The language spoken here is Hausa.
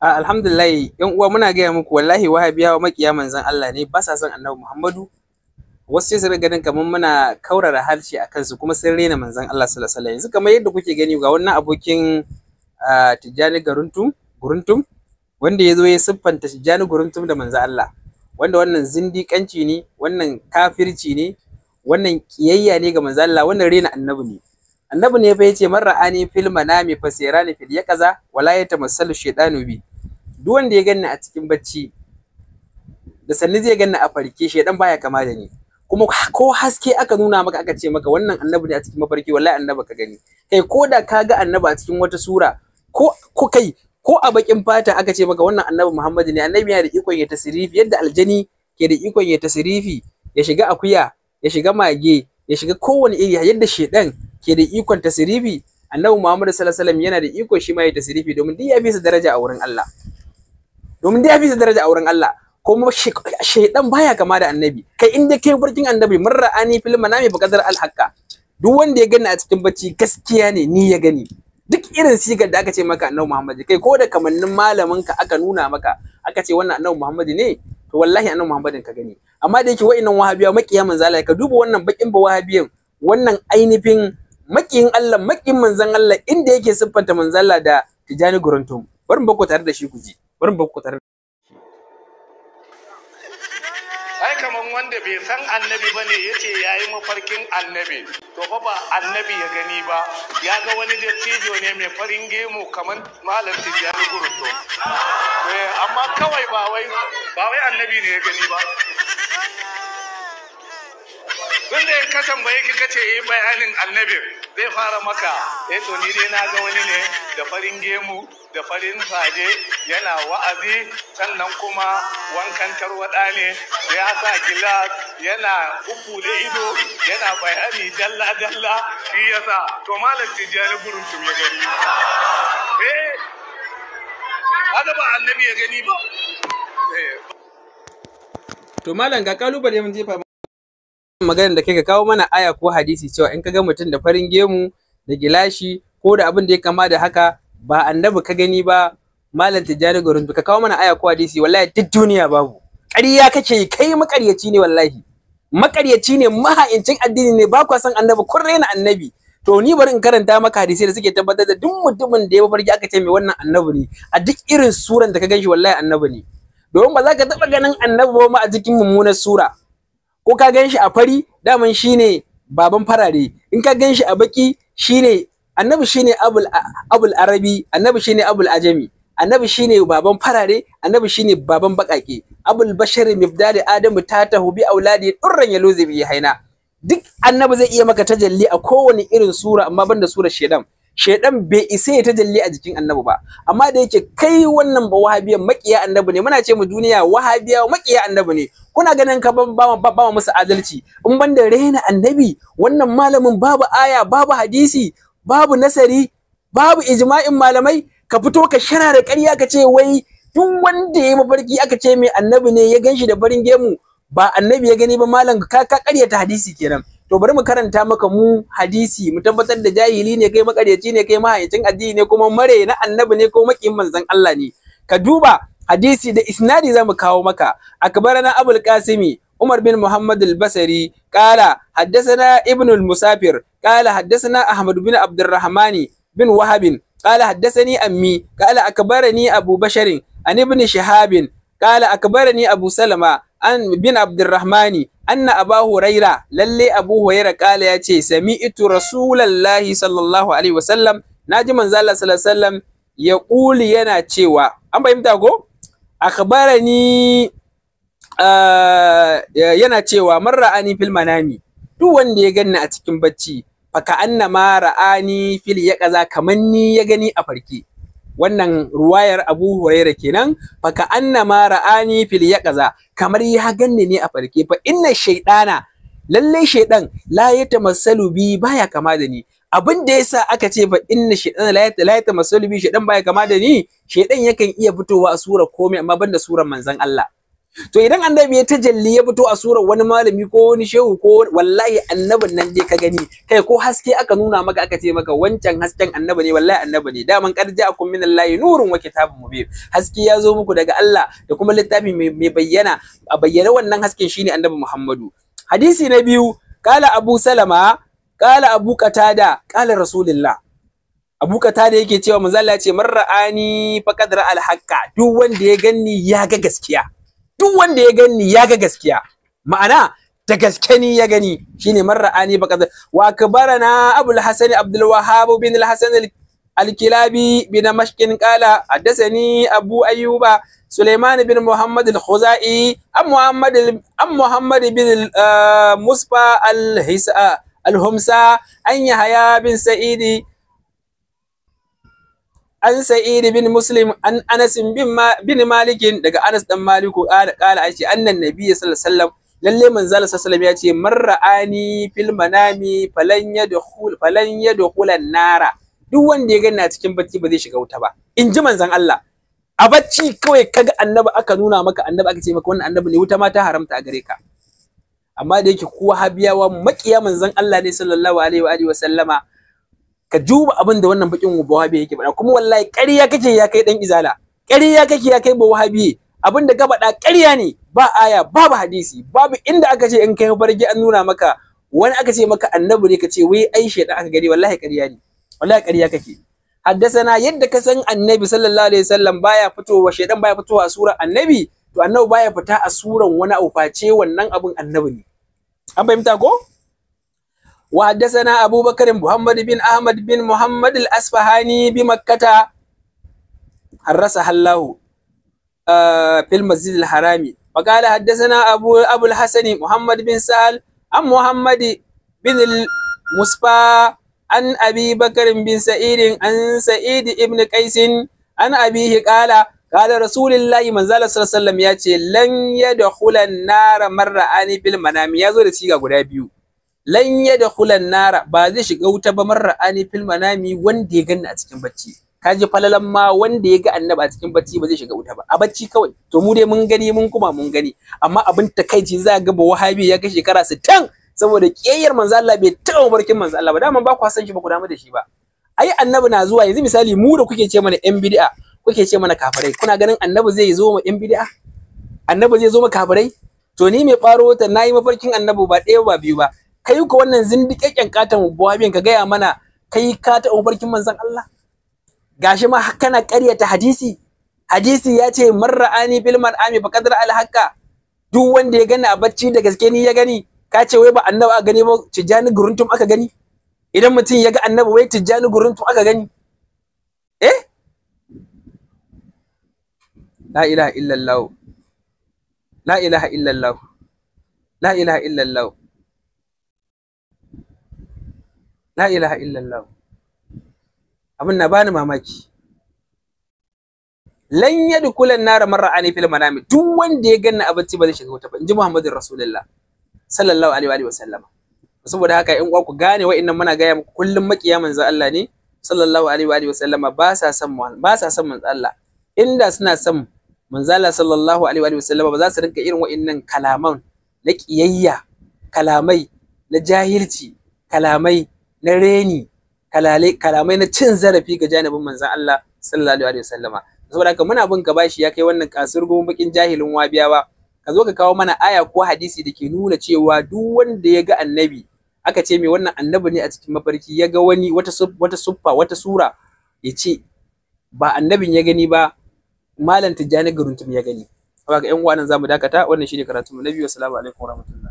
a alhamdulillah yan uwa muna gaya muku wallahi wahabiyawa makiya manzon Allah ne ba sa son annabi Muhammadu wasu sai su riga ganin kamar muna kaurara harshe a kansu kuma sun rena manzon Allah sallallahu alaihi wasallam yanzu kamar yadda kuke gani ga wannan abokin Tijjani Garuntum Guruntum wanda ya zo ya siffanta Tijjani Guruntum da manzon Allah wanda wannan zindiƙanci ne wannan kafirci ne wannan kiyayya ne ga manzon Allah wannan rena annabi ne annabi ne fa yace marra'ani fil manami fasirani fil yaqaza wala yatamassalu shaytanu bi duk wanda ya ganni a cikin bacci da sanni zai ganni a farke shi dan baya kama da ni kuma ko haske aka nuna maka aka ce maka wannan annabi ne a cikin mafarki wallahi annaba ka gani kai ko da ka ga annaba a cikin wata sura ko ko kai ko a bakin fata aka ce maka wannan annabi muhammad ne annabi yana da ikon ya tasirifi yadda aljani ke da ikon ya tasirifi ya shiga akuya ya shiga mage ya shiga kowane iri yadda shedan ke da ikon tasirifi annabi Muhammadu sallallahu alaihi wasallam yana da iko shi ma ya tasirifi domin duk ya fi daraja a wurin Allah domin dai ya fi daraja a wurin Allah kuma shaidan baya kama da annabi kai in kai barkin annabi mun ra'ani fil manami bi qadar al haqqa duk wanda ya gani a cikin bacci gaskiya ne ni ya gani duk irin sigar da aka ce maka annabi Muhammad kai ko da kamannin malamin ka aka nuna maka aka ce wannan annabi Muhammad ne to wallahi annabi Muhammadin ka gani amma da yake wa'annan wahabiya maƙiya manzala ka duba wannan bakin ba wahabiyan wannan ainihin makiyin Allah makiyin manzan Allah inda yake siffanta manzala da Tijani gurantum bari mu bako tare da shi kuji bari mu bako tare kaga kaman wanda bai san annabi ba ne yace yi mafarkin annabi to fa ba annabi ya gani ba ya ga wani dattijo ne mai farin gemu kaman malam tijjani gurto eh, amma kawai ba wai ba wai annabi ne ya gani ba tunda in ka tambaye ki kace yi eh bayanin Annabi zai fara maka eh to ni dai na ga wani ne da farin gemu da farin fage yana wa'azi sannan kuma wankan tarwada ne da ya sa gilas yana uku da ido yana bayani dalla-dalla shi ya sa. to malam tijjani buruntum ya gani eh haka ba annabi ya gani ba eh. to malam ga kalubale mun jefa maganar da kai ka kawo mana aya ko hadisi cewa in ka ga mutum da farin gemu da gilashi ko da abin da ya kama da haka ba annabi ka gani ba malam tijjani gurin ka kawo mana aya ko hadisi wallahi duk duniya babu ƙarya kake kai makaryaci ne wallahi makaryaci ne maha'incin addini ne ba kwa san annabi kun raina annabi to ni bari in karanta maka hadisai da suke tabbatar da duk mutumin da ya mafarki aka ce mai wannan annabi ne a duk irin suran da ka ganshi wallahi annabi ne domin ba za ka taɓa ganin annabi ba ma a cikin mummunar sura ko ka ganshi a fari daman shine baban farare in ka ganshi a baki shine annabi shine abul abul arabi annabi shine abul ajami annabi shine baban farare annabi shine baban bakake abul bashari mibdali adamu tatahu bi auladi durran yaluzi bi haina duk annabi zai iya maka tajalli a kowane irin sura amma banda surar shedan shedan bai isa ya tajalli a jikin annabi ba amma da yake kai wannan ba wahabiyan makiya annabi ne muna ce mu duniya wahabiya makiya annabi ne kuna ganin ka ban ba musu adalci in banda da raina annabi wannan malamin babu aya babu hadisi babu nasari babu ijma'in malamai ka fito ka shana da ƙarya ka ce wai duk wanda ya mafarki aka ce mai annabi ne ya ganshi da barin gemu ba annabi ya gani ba malam ka ka ƙaryata hadisi kenan to bari mu karanta maka mu hadisi mu tabbatar da jahili ne kai makaryaci ne kai mahaicin addini ne kuma mare na annabi ne ko makin manzon Allah ne ka duba hadisi da isnadi zamu kawo maka akbarana abul qasimi عمر بن محمد البصري قال حدثنا ابن المسافر قال حدثنا أحمد بن عبد الرحمن بن وهب قال حدثني أمي قال أكبرني أبو بشر عن ابن شهاب قال أكبرني أبو سلمة عن بن عبد الرحمن أن أبا هريرة للي أبو هريرة قال يا شي سمعت رسول الله صلى الله عليه وسلم ناجي من زال صلى الله عليه وسلم يقول ينا تشيوا أم فهمت أكو أخبرني Eh, eh, yana cewa man ra'ani fil manami duk wanda ya ganni a cikin bacci faka anna ma ra'ani fil ya kaza kaman ni ya gani a farke wannan ruwayar Abu Huraira kenan faka anna ma ra'ani fil ya kaza kamar ya ganni ne a farke fa inna shaytana lalle shaydan la yatamassalu bi baya kama da ni abin da yasa aka ce fa inna shaytana la yatamassalu bi shaydan baya kama da ni shaydan yakan iya fitowa a sura komai amma banda surar manzon Allah to idan annabi ya tajalli ya fito a surar wani malami ko wani shehu ko wallahi annabin nan dai ka gani kai ko haske aka nuna maka aka ce maka wancan hasken annabi ne wallahi annabi ne daman qad ja'akum min allahi nurun wa kitabun mubin haske ya zo muku daga Allah da kuma littafi mai bayyana a bayyana wannan hasken shine annabi Muhammadu hadisi na biyu kala Abu Salama kala Abu Qatada kala Rasulullah Abu Qatada yake cewa manzo Allah ya ce man ra'ani faqad ra'al haqqa duk wanda ya ganni ya ga gaskiya duk wanda ya gani ya ga gaskiya ma'ana da gaske ni ya gani shine marra ani baka wa akbarana abul hasan abdul wahhab bin al hasan al kilabi bin mashkin qala haddathani abu ayyuba Suleiman بن محمد الخزائي أم محمد bin محمد al مصطفى الهمسا أن يحيى an sa'id bin muslim an anas bin malikin daga anas dan maliku qala qala ashi annan nabi sallallahu alaihi wasallam lalle manzo sallallahu alaihi wasallam ya ce marra'ani fil manami falan yadkhul falan yadkhul nara duk wanda ya gani a cikin bacci ba zai shiga wuta ba in ji manzon Allah a bacci kawai kaga annabi aka nuna maka annabi aka ce maka wannan annabi ne wuta ma ta haramta a gare ka amma da yake kowa habiyawa maƙiya manzon Allah ne sallallahu alaihi wa alihi wa sallama ka juba abin da wannan bakin wahabi yake faɗa kuma wallahi ƙarya kake ya kai dan izala ƙarya kake ya kai wahabi abin da ka baɗa ƙarya ne ba aya babu hadisi babu inda aka ce in kai barge an nuna maka wani aka ce maka annabi ne ka ce wai ai shedan aka gani wallahi ƙarya ne wallahi ƙarya kake haddasana yadda ka san annabi sallallahu alaihi wasallam baya fitowa shedan baya fitowa a surar annabi to annabi baya fita a suran wani auface wannan abun annabi ne an fahimta ko وحدثنا أبو بكر محمد بن أحمد بن محمد الأسفهاني بمكة حرسها الله في المسجد الحرامي وقال حدثنا أبو أبو الحسن محمد بن سهل عن محمد بن المصفى عن أبي بكر بن سعيد عن سعيد ابن قيس عن أبيه قال قال رسول الله من زال صلى الله عليه وسلم يأتي لن يدخل النار مرة أني المنام يزور سيغا قرابيو lan yadkhulan nara ba zai shiga wuta ba marra ani fil manami wanda ya ganni a cikin bacci kaji falalan ma wanda ya ga annabi a cikin bacci ba zai shiga wuta ba a bacci kawai to mu dai mun gani mun kuma mun gani amma abin takaici za ga ba wahabi ya kai shekara 60 saboda kiyayyar manzo Allah bai taɓa barkin manzo Allah ba dama ba ku san shi ba ku damu da shi ba ai annabi na zuwa yanzu misali mu da kuke ce mana yan bid'a kuke ce mana kafirai kuna ganin annabi zai zo ma yan bid'a annabi zai zo ma kafirai to ni mai faro wata nayi mafarkin annabi ba ɗaya ba biyu ba kai ko wannan zindiƙeƙen katon buhabin ka gaya mana kai ka ta ubarkin manzon Allah gashi ma kana ƙaryata hadisi hadisi ya ce marra'ani bil mar'ami fa qadra al haqqa duk wanda ya gani a bacci da gaske ni ya gani ka ce wai ba annabi a gani ba tijjani guruntum aka gani idan mutum ya ga annabi wai tijjani guruntum aka gani eh la ilaha illallah la ilaha illallah la ilaha illallah la ilaha illallah abin na bani mamaki lan yadkhulan nar ani fil manami duk wanda ya ganna abinci ba zai shiga wuta ba inji muhammadin rasulullah sallallahu alaihi wa sallam saboda haka in ku gane wa'annan muna gaya muku kullum makiya manzo Allah ne sallallahu alaihi wa sallam ba sa son ba sa san manzo Allah inda suna son manzo Allah sallallahu alaihi wa sallam ba za su rinka irin wa'annan kalaman na kiyayya kalamai na jahilci kalamai na reni kalamai na cin zarafi ga janibin manzon Allah sallallahu alaihi wasallama saboda haka muna bin gaba shi ya kai wannan gobin bakin jahilin wabiyawa ka zo ka kawo mana aya ko hadisi da ke nuna cewa duk wanda ya ga annabi aka ce mai wannan annabi ne a cikin mafarki ya ga wani wata wata suffa wata sura ya ce ba annabin ya gani ba malam tijjani garuntum ya gani haka ga yan uwa nan zamu dakata wannan shine karatu mu nabi wa salamu alaikum rahmatullahi.